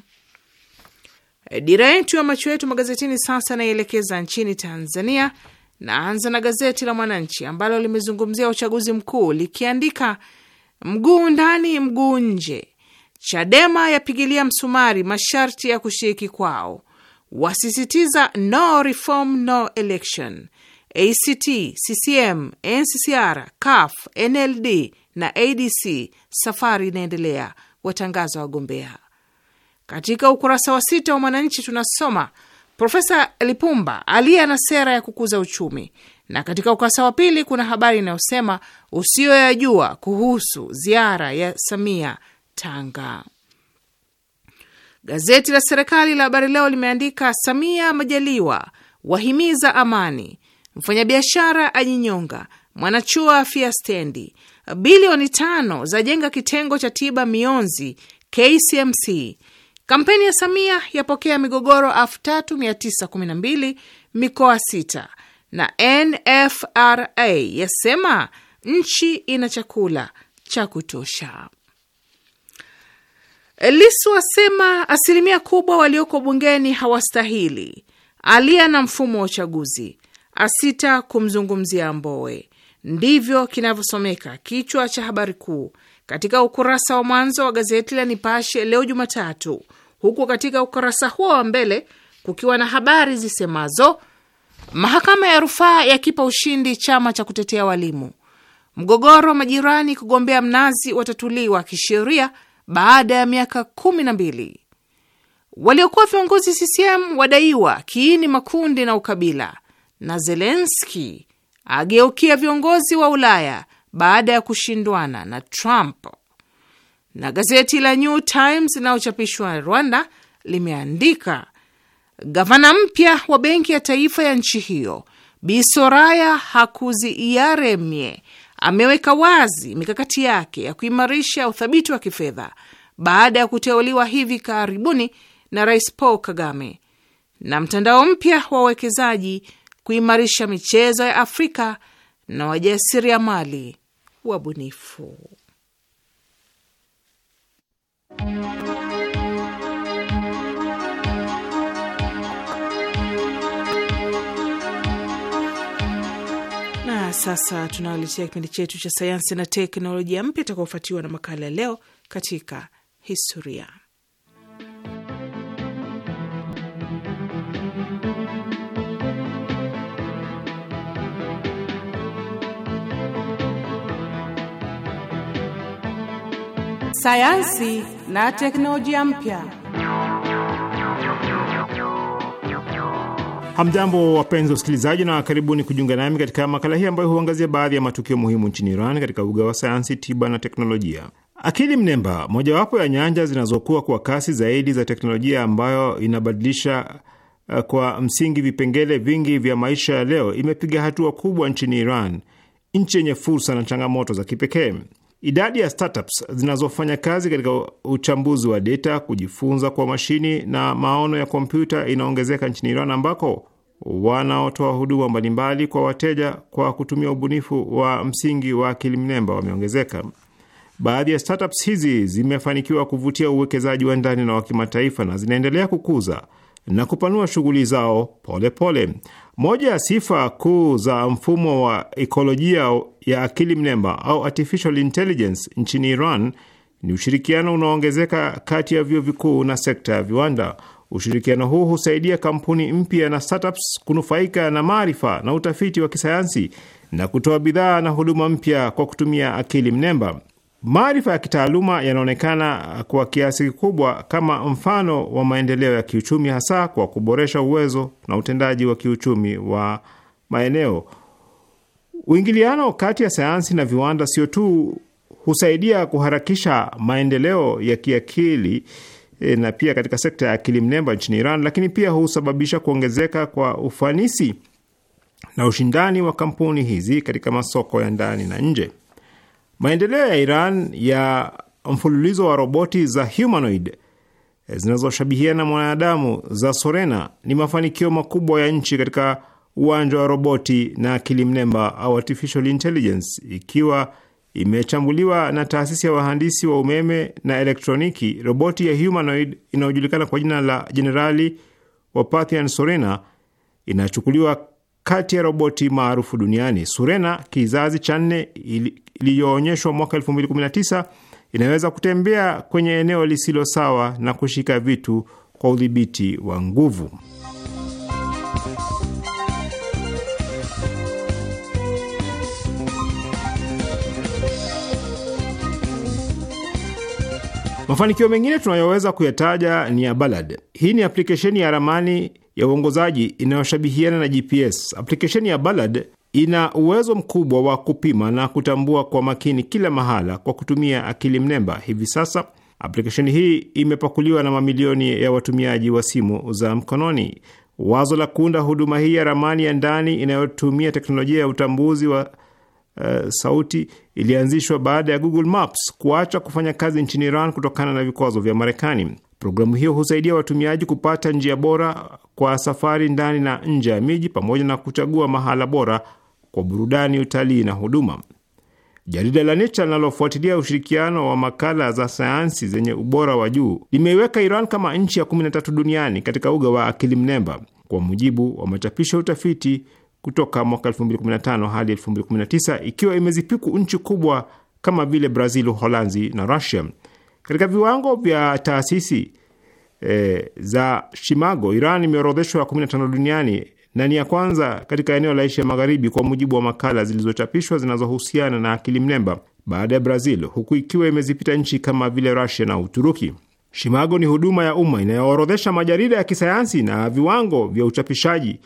Dira yetu ya macho yetu magazetini sasa naielekeza nchini Tanzania Naanza na gazeti la Mwananchi ambalo limezungumzia uchaguzi mkuu likiandika, mguu ndani mguu nje, Chadema yapigilia msumari masharti ya kushiriki kwao, wasisitiza no reform no election. ACT, CCM, NCCR, caf NLD na ADC, safari inaendelea, watangaza wagombea. Katika ukurasa wa sita wa Mwananchi tunasoma Profesa Lipumba aliye ana sera ya kukuza uchumi, na katika ukasa wa pili kuna habari inayosema usiyoyajua kuhusu ziara ya Samia Tanga. Gazeti la serikali la Habari Leo limeandika Samia Majaliwa wahimiza amani, mfanyabiashara ajinyonga, mwanachuo afia stendi, bilioni tano za jenga kitengo cha tiba mionzi KCMC Kampeni ya Samia yapokea migogoro 3912 mikoa 6, na NFRA yasema nchi ina chakula cha kutosha. Lisu asema asilimia kubwa walioko bungeni hawastahili. Alia na mfumo wa uchaguzi, asita kumzungumzia Mbowe. Ndivyo kinavyosomeka kichwa cha habari kuu katika ukurasa wa mwanzo wa gazeti la Nipashe leo Jumatatu, huku katika ukurasa huo wa mbele kukiwa na habari zisemazo mahakama ya rufaa yakipa ushindi chama cha kutetea walimu, mgogoro wa majirani kugombea mnazi watatuliwa kisheria baada ya miaka kumi na mbili, waliokuwa viongozi CCM wadaiwa kiini makundi na ukabila, na Zelenski ageukia viongozi wa Ulaya baada ya kushindwana na Trump. Na gazeti la New Times linalochapishwa Rwanda limeandika gavana mpya wa benki ya taifa ya nchi hiyo Bi Soraya Hakuziyaremye ameweka wazi mikakati yake ya kuimarisha uthabiti wa kifedha baada ya kuteuliwa hivi karibuni na Rais Paul Kagame, na mtandao mpya wa wawekezaji kuimarisha michezo ya Afrika na wajasiriamali wabunifu. Na sasa tunawaletea kipindi chetu cha sayansi na teknolojia mpya itakaofuatiwa na makala ya leo katika historia. sayansi na teknolojia mpya. Hamjambo, wapenzi wa usikilizaji, na karibuni kujiunga nami katika makala hii ambayo huangazia baadhi ya matukio muhimu nchini Iran katika uga wa sayansi, tiba na teknolojia. Akili mnemba, mojawapo ya nyanja zinazokuwa kwa kasi zaidi za teknolojia, ambayo inabadilisha eh, kwa msingi vipengele vingi vya maisha ya leo, imepiga hatua kubwa nchini Iran, nchi yenye fursa na changamoto za kipekee. Idadi ya startups zinazofanya kazi katika uchambuzi wa data, kujifunza kwa mashini na maono ya kompyuta inaongezeka nchini Iran ambako wanaotoa huduma mbalimbali kwa wateja kwa kutumia ubunifu wa msingi wa akili mnemba wameongezeka. Baadhi ya startups hizi zimefanikiwa kuvutia uwekezaji wa ndani na wa kimataifa na zinaendelea kukuza na kupanua shughuli zao polepole pole. Moja ya sifa kuu za mfumo wa ikolojia ya akili mnemba au artificial intelligence nchini Iran ni ushirikiano unaoongezeka kati ya vyuo vikuu na sekta ya viwanda. Ushirikiano huu husaidia kampuni mpya na startups kunufaika na maarifa na utafiti wa kisayansi na kutoa bidhaa na huduma mpya kwa kutumia akili mnemba. Maarifa ya kitaaluma yanaonekana kwa kiasi kikubwa kama mfano wa maendeleo ya kiuchumi, hasa kwa kuboresha uwezo na utendaji wa kiuchumi wa maeneo. Uingiliano kati ya sayansi na viwanda sio tu husaidia kuharakisha maendeleo ya kiakili e, na pia katika sekta ya akili mnemba nchini Iran, lakini pia husababisha kuongezeka kwa ufanisi na ushindani wa kampuni hizi katika masoko ya ndani na nje. Maendeleo ya Iran ya mfululizo wa roboti za humanoid eh, zinazoshabihiana mwanadamu za Sorena ni mafanikio makubwa ya nchi katika uwanja wa roboti na akili mnemba au artificial intelligence, ikiwa imechambuliwa na taasisi ya wahandisi wa umeme na elektroniki. Roboti ya humanoid inayojulikana kwa jina la Jenerali Opathian Sorena inachukuliwa kati ya roboti maarufu duniani. Surena, kizazi cha nne, iliyoonyeshwa mwaka 2019 inaweza kutembea kwenye eneo lisilo sawa na kushika vitu kwa udhibiti wa nguvu. Mafanikio mengine tunayoweza kuyataja ni ya Balad. Hii ni aplikesheni ya ramani ya uongozaji inayoshabihiana na GPS. Aplikesheni ya Ballad ina uwezo mkubwa wa kupima na kutambua kwa makini kila mahala kwa kutumia akili mnemba. Hivi sasa aplikesheni hii imepakuliwa na mamilioni ya watumiaji wa simu za mkononi. Wazo la kuunda huduma hii ya ramani ya ndani inayotumia teknolojia ya utambuzi wa uh, sauti ilianzishwa baada ya Google Maps kuacha kufanya kazi nchini Iran kutokana na vikwazo vya Marekani. Programu hiyo husaidia watumiaji kupata njia bora kwa safari ndani na nje ya miji pamoja na kuchagua mahala bora kwa burudani, utalii na huduma. Jarida la Nature linalofuatilia ushirikiano wa makala za sayansi zenye ubora wa juu limeiweka Iran kama nchi ya 13 duniani katika uga wa akili mnemba. Kwa mujibu wa machapisho ya utafiti kutoka mwaka 2015 hadi 2019, ikiwa imezipiku nchi kubwa kama vile Brazil, Uholanzi na Russia. Katika viwango vya taasisi e, za Shimago, Iran imeorodheshwa tano duniani na ni ya kwanza katika eneo la Asia Magharibi kwa mujibu wa makala zilizochapishwa zinazohusiana na akili mnemba baada ya Brazil, huku ikiwa imezipita nchi kama vile Rusia na Uturuki. Shimago ni huduma ya umma inayoorodhesha majarida ya kisayansi na viwango vya uchapishaji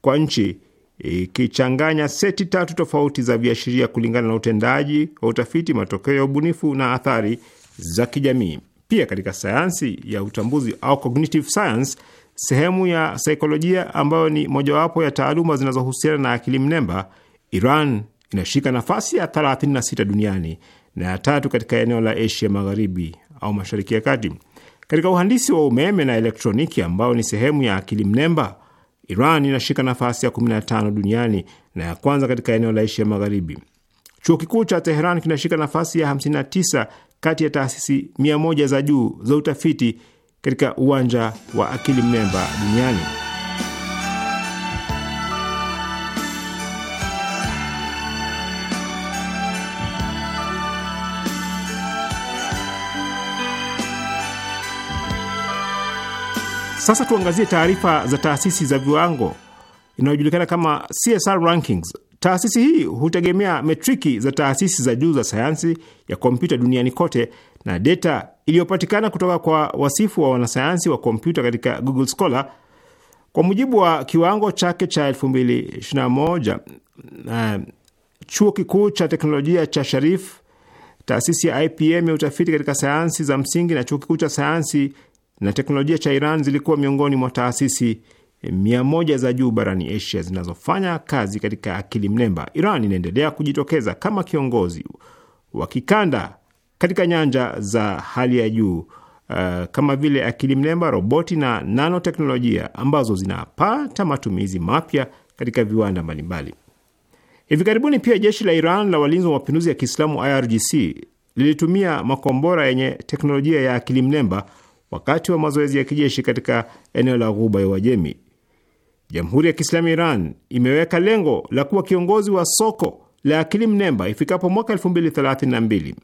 kwa nchi, ikichanganya seti tatu tofauti za viashiria kulingana na utendaji wa utafiti, matokeo ya ubunifu na athari za kijamii. Pia katika sayansi ya utambuzi au cognitive science, sehemu ya saikolojia ambayo ni mojawapo ya taaluma zinazohusiana na akili mnemba, Iran inashika nafasi ya 36 duniani na ya tatu katika eneo la Asia Magharibi au Mashariki ya Kati. Katika uhandisi wa umeme na elektroniki ambao ni sehemu ya akili mnemba, Iran inashika nafasi ya 15 duniani na ya kwanza katika eneo la Asia Magharibi. Chuo kikuu cha Teheran kinashika nafasi ya kati ya taasisi mia moja za juu za utafiti katika uwanja wa akili mnemba duniani. Sasa tuangazie taarifa za taasisi za viwango inayojulikana kama CSR rankings Taasisi hii hutegemea metriki za taasisi za juu za sayansi ya kompyuta duniani kote na data iliyopatikana kutoka kwa wasifu wa wanasayansi wa kompyuta katika Google Scholar kwa mujibu wa kiwango chake cha 2021 uh, chuo kikuu cha teknolojia cha Sharif, taasisi ya IPM ya utafiti katika sayansi za msingi na chuo kikuu cha sayansi na teknolojia cha Iran zilikuwa miongoni mwa taasisi mia moja za juu barani Asia zinazofanya kazi katika akili mnemba, Iran inaendelea kujitokeza kama kiongozi wa kikanda katika nyanja za hali ya juu uh, kama vile akili mnemba, roboti na nanoteknolojia ambazo zinapata matumizi mapya katika viwanda mbalimbali. Hivi karibuni pia jeshi la Iran la walinzi wa mapinduzi ya Kiislamu IRGC lilitumia makombora yenye teknolojia ya akili mnemba wakati wa mazoezi ya kijeshi katika eneo la Ghuba ya Uajemi. Jamhuri ya Kiislamu ya Iran imeweka lengo la kuwa kiongozi wa soko la akili mnemba ifikapo mwaka 2032.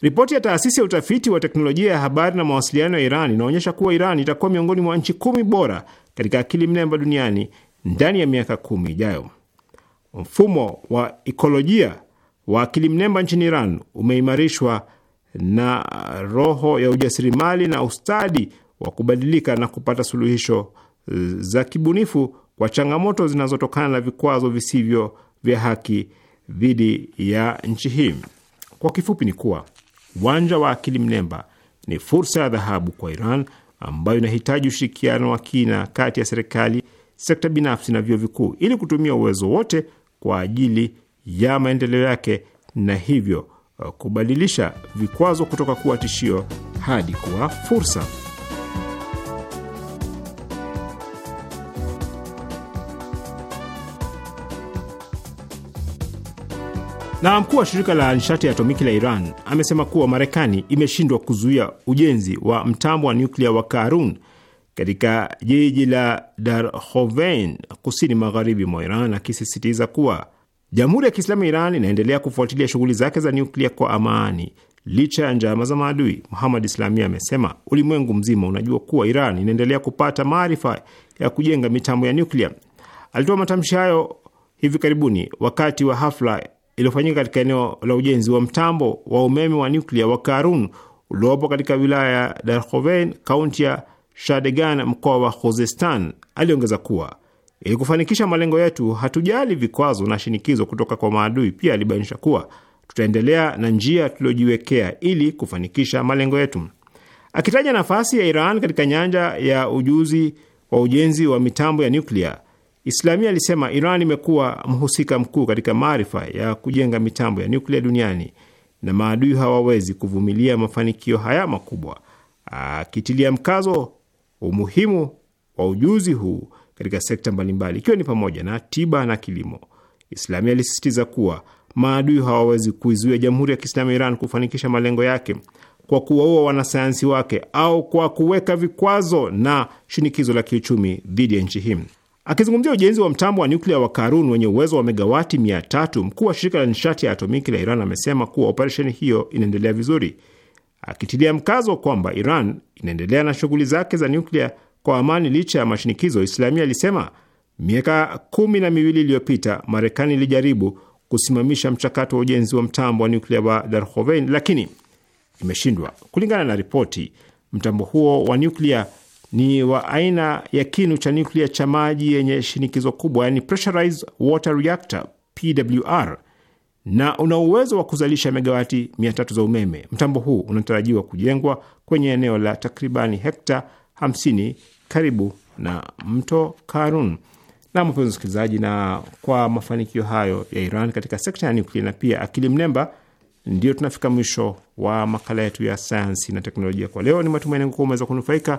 Ripoti ya taasisi ya utafiti wa teknolojia ya habari na mawasiliano ya Iran inaonyesha kuwa Iran itakuwa miongoni mwa nchi kumi bora katika akili mnemba duniani ndani ya miaka kumi ijayo. Mfumo wa ikolojia wa akili mnemba nchini Iran umeimarishwa na roho ya ujasiriamali na ustadi wa kubadilika na kupata suluhisho za kibunifu kwa changamoto zinazotokana na vikwazo visivyo vya haki dhidi ya nchi hii. Kwa kifupi, ni kuwa uwanja wa akili mnemba ni fursa ya dhahabu kwa Iran ambayo inahitaji ushirikiano wa kina kati ya serikali, sekta binafsi na vyuo vikuu ili kutumia uwezo wote kwa ajili ya maendeleo yake na hivyo kubadilisha vikwazo kutoka kuwa tishio hadi kuwa fursa. Na mkuu wa shirika la nishati ya atomiki la Iran amesema kuwa Marekani imeshindwa kuzuia ujenzi wa mtambo wa nyuklia wa Karun katika jiji la Darhovein kusini magharibi mwa Iran, akisisitiza kuwa Jamhuri ya Kiislamu ya Iran inaendelea kufuatilia shughuli zake za nyuklia kwa amani licha ya njama za maadui. Muhamad Islami amesema ulimwengu mzima unajua kuwa Iran inaendelea kupata maarifa ya kujenga mitambo ya nyuklia. Alitoa matamshi hayo hivi karibuni wakati wa hafla iliyofanyika katika eneo la ujenzi wa mtambo wa umeme wa nyuklia wa Karun uliopo katika wilaya ya darhoven kaunti ya Shadegan, mkoa wa Khuzestan. Aliongeza kuwa ili kufanikisha malengo yetu, hatujali vikwazo na shinikizo kutoka kwa maadui. Pia alibainisha kuwa tutaendelea na njia tuliojiwekea ili kufanikisha malengo yetu, akitaja nafasi ya Iran katika nyanja ya ujuzi wa ujenzi wa mitambo ya nyuklia. Islamia alisema Iran imekuwa mhusika mkuu katika maarifa ya kujenga mitambo ya nyuklia duniani na maadui hawawezi kuvumilia mafanikio haya makubwa, akitilia mkazo umuhimu wa ujuzi huu katika sekta mbalimbali ikiwa ni pamoja na tiba na kilimo. Islamia alisisitiza kuwa maadui hawawezi kuizuia Jamhuri ya Kiislamu ya Iran kufanikisha malengo yake kwa kuwaua wanasayansi wake au kwa kuweka vikwazo na shinikizo la kiuchumi dhidi ya nchi hii. Akizungumzia ujenzi wa mtambo wa nyuklia wa Karun wenye uwezo wa megawati mia tatu, mkuu wa shirika la nishati ya atomiki la Iran amesema kuwa operesheni hiyo inaendelea vizuri, akitilia mkazo kwamba Iran inaendelea na shughuli zake za nyuklia kwa amani licha ya mashinikizo. Islamia alisema miaka kumi na miwili iliyopita Marekani ilijaribu kusimamisha mchakato wa ujenzi wa mtambo wa nyuklia wa Darhovein lakini imeshindwa. Kulingana na ripoti, mtambo huo wa nyuklia ni wa aina ya kinu cha nuklia cha maji yenye shinikizo kubwa, yani pressurized water reactor PWR, na una uwezo wa kuzalisha megawati 300 za umeme. Mtambo huu unatarajiwa kujengwa kwenye eneo la takribani hekta 50 karibu na mto Karun. Na mpenzi msikilizaji, na kwa mafanikio hayo ya Iran katika sekta ya nuklia na pia akili mnemba, ndio tunafika mwisho wa makala yetu ya sayansi na teknolojia kwa leo. Ni matumaini kuwa umeweza kunufaika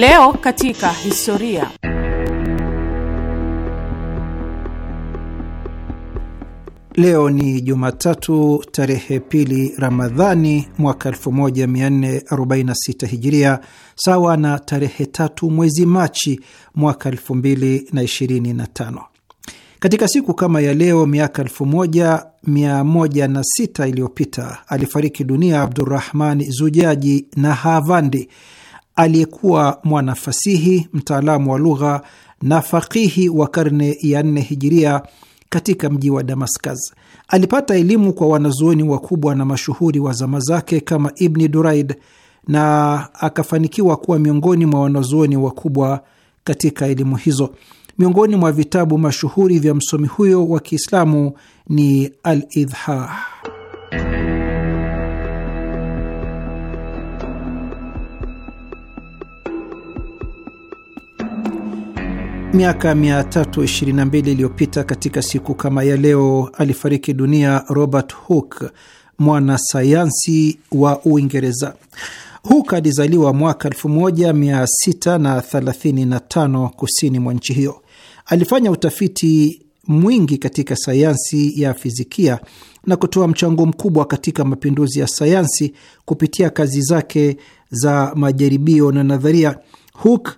Leo katika historia. Leo ni Jumatatu tarehe pili Ramadhani mwaka 1446 Hijiria, sawa na tarehe tatu mwezi Machi mwaka 2025. Katika siku kama ya leo miaka 1106 iliyopita alifariki dunia Abdurrahmani Zujaji na Havandi, aliyekuwa mwanafasihi, mtaalamu wa lugha na faqihi wa karne ya nne hijiria katika mji wa Damascus. Alipata elimu kwa wanazuoni wakubwa na mashuhuri wa zama zake kama Ibni Duraid na akafanikiwa kuwa miongoni mwa wanazuoni wakubwa katika elimu hizo. Miongoni mwa vitabu mashuhuri vya msomi huyo wa Kiislamu ni Al-Idhah. Miaka 322 iliyopita katika siku kama ya leo alifariki dunia Robert Hooke, mwana sayansi wa Uingereza. Hooke alizaliwa mwaka 1635 kusini mwa nchi hiyo. Alifanya utafiti mwingi katika sayansi ya fizikia na kutoa mchango mkubwa katika mapinduzi ya sayansi kupitia kazi zake za majaribio na nadharia. Hooke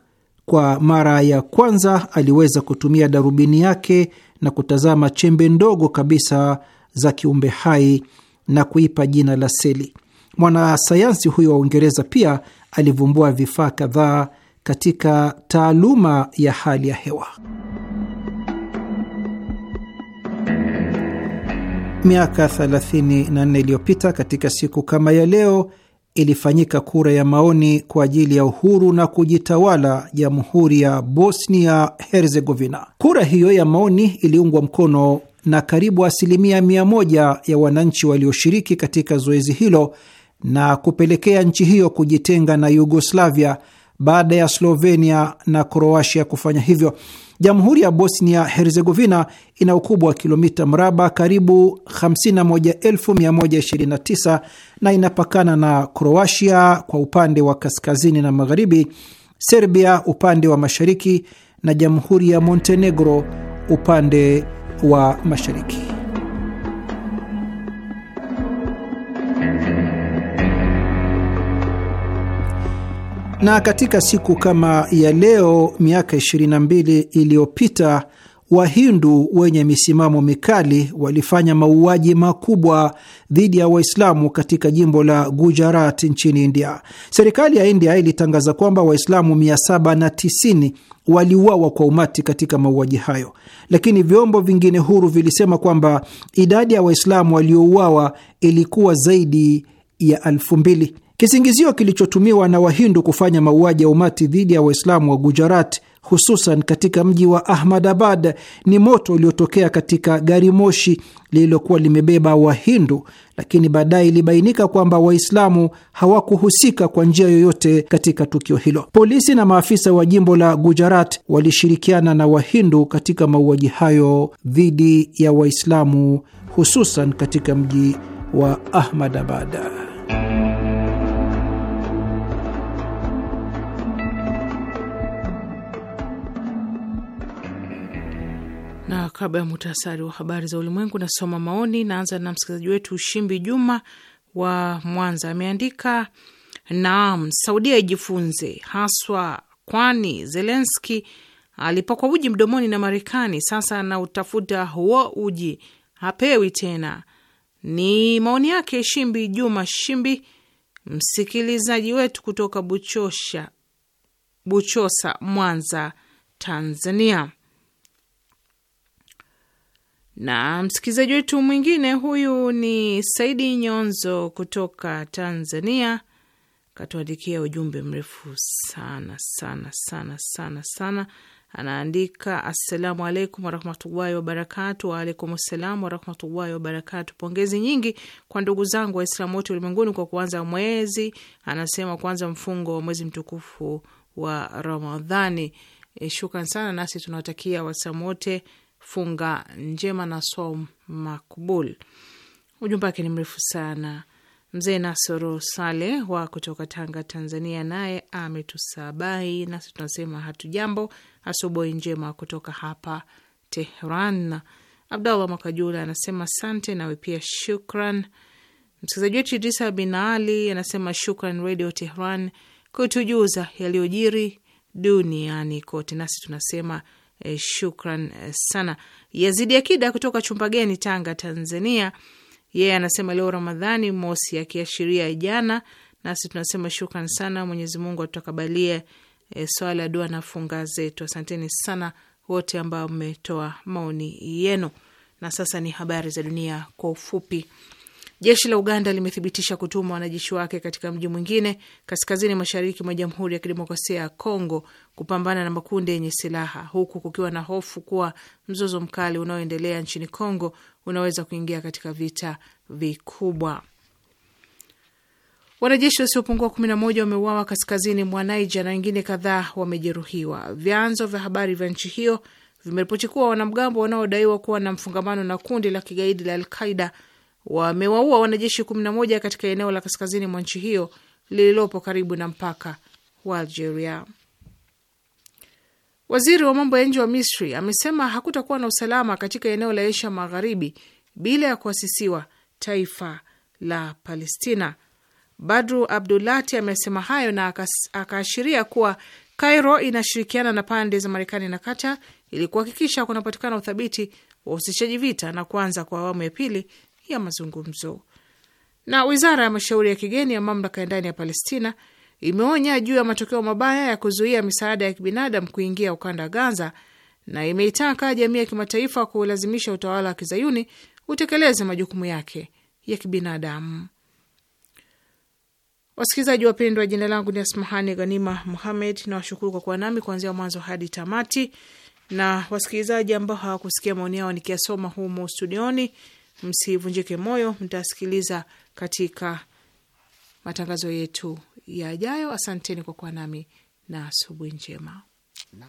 kwa mara ya kwanza aliweza kutumia darubini yake na kutazama chembe ndogo kabisa za kiumbe hai na kuipa jina la seli. Mwanasayansi huyo wa Uingereza pia alivumbua vifaa kadhaa katika taaluma ya hali ya hewa. Miaka 34 iliyopita katika siku kama ya leo ilifanyika kura ya maoni kwa ajili ya uhuru na kujitawala jamhuri ya, ya Bosnia Herzegovina. Kura hiyo ya maoni iliungwa mkono na karibu asilimia mia moja ya wananchi walioshiriki katika zoezi hilo na kupelekea nchi hiyo kujitenga na Yugoslavia baada ya Slovenia na Kroatia kufanya hivyo. Jamhuri ya Bosnia Herzegovina ina ukubwa wa kilomita mraba karibu 51129 na inapakana na Kroatia kwa upande wa kaskazini na magharibi, Serbia upande wa mashariki na Jamhuri ya Montenegro upande wa mashariki. Na katika siku kama ya leo miaka 22 iliyopita Wahindu wenye misimamo mikali walifanya mauaji makubwa dhidi ya Waislamu katika jimbo la Gujarat nchini India. Serikali ya India ilitangaza kwamba Waislamu 790 waliuawa kwa umati katika mauaji hayo, lakini vyombo vingine huru vilisema kwamba idadi ya Waislamu waliouawa ilikuwa zaidi ya elfu mbili. Kisingizio kilichotumiwa na Wahindu kufanya mauaji ya umati dhidi ya Waislamu wa Gujarat, hususan katika mji wa Ahmadabad, ni moto uliotokea katika gari moshi lililokuwa limebeba Wahindu, lakini baadaye ilibainika kwamba Waislamu hawakuhusika kwa njia yoyote katika tukio hilo. Polisi na maafisa wa jimbo la Gujarat walishirikiana na Wahindu katika mauaji hayo dhidi ya Waislamu, hususan katika mji wa Ahmadabad. Na kabla ya muhtasari wa habari za ulimwengu, nasoma maoni. Naanza na msikilizaji wetu shimbi Juma wa Mwanza, ameandika naam, Saudia ijifunze haswa, kwani Zelenski alipakwa uji mdomoni na Marekani, sasa anautafuta huo uji, hapewi tena. Ni maoni yake Shimbi Juma Shimbi, msikilizaji wetu kutoka Buchosha, Buchosa, Mwanza, Tanzania. Na msikilizaji wetu mwingine huyu ni Saidi Nyonzo kutoka Tanzania, katuandikia ujumbe mrefu sana sana sana sana sana. Anaandika, assalamu alaikum warahmatullahi wabarakatu. Waalaikum assalam warahmatullahi wabarakatu. Pongezi nyingi kwa ndugu zangu Waislamu wote ulimwenguni kwa kuanza mwezi, anasema kwanza mfungo wa mwezi mtukufu wa Ramadhani. E, shukran sana. Nasi tunawatakia Waislamu wote funga njema na swaumu makbul. Ujumbe wake ni mrefu sana. Mzee Nasoro Sale wa kutoka Tanga, Tanzania, naye ametusabahi nasi tunasema hatujambo, asubuhi njema kutoka hapa Tehran. Abdallah Mwakajula anasema sante, nawe pia shukran. Msikilizaji wetu Idrisa bin Ali anasema shukran Radio Tehran kutujuza yaliyojiri duniani kote, nasi tunasema Eh, shukran eh, sana Yazidi Akida kutoka Chumbageni, Tanga, Tanzania. Yeye anasema leo Ramadhani mosi, akiashiria jana, nasi tunasema shukran sana. Mwenyezi Mungu atutakabalie e, swala, dua na funga zetu. Asanteni sana wote ambao mmetoa maoni yenu. Na sasa ni habari za dunia kwa ufupi. Jeshi la Uganda limethibitisha kutuma wanajeshi wake katika mji mwingine kaskazini mashariki mwa Jamhuri ya Kidemokrasia ya Kongo kupambana na makundi yenye silaha, huku kukiwa na hofu kuwa mzozo mkali unaoendelea nchini Kongo unaweza kuingia katika vita vikubwa. Wanajeshi wasiopungua 11 wameuawa kaskazini mwa Naija na wengine kadhaa wamejeruhiwa. Vyanzo vya habari vya nchi hiyo vimeripoti kuwa wanamgambo wanaodaiwa kuwa na mfungamano na kundi la kigaidi la Alqaida wamewaua wanajeshi 11 katika eneo la kaskazini mwa nchi hiyo lililopo karibu na mpaka wa Algeria. Waziri wa mambo ya nje wa Misri amesema hakutakuwa na usalama katika eneo la Asia Magharibi bila ya kuasisiwa taifa la Palestina. Badru Abdulati amesema hayo na akaashiria kuwa Cairo inashirikiana na pande za Marekani na Qatar ili kuhakikisha kunapatikana uthabiti wa usitishaji vita na kuanza kwa awamu ya pili ya mazungumzo. Na wizara ya mashauri ya kigeni ya mamlaka ya ndani ya Palestina imeonya juu ya matokeo mabaya ya kuzuia misaada ya kibinadamu kuingia ukanda wa Gaza na imeitaka jamii ya kimataifa kuulazimisha utawala wa kizayuni utekeleze majukumu yake ya kibinadamu. Wasikilizaji wapendwa, jina langu ni Asmahani Ghanima Muhamed na washukuru kwa kuwa nami kuanzia mwanzo hadi tamati, na wasikilizaji ambao hawakusikia maoni yao nikiyasoma humo studioni Msivunjike moyo, mtasikiliza katika matangazo yetu yajayo. Asanteni kwa kuwa nami na asubuhi njema na.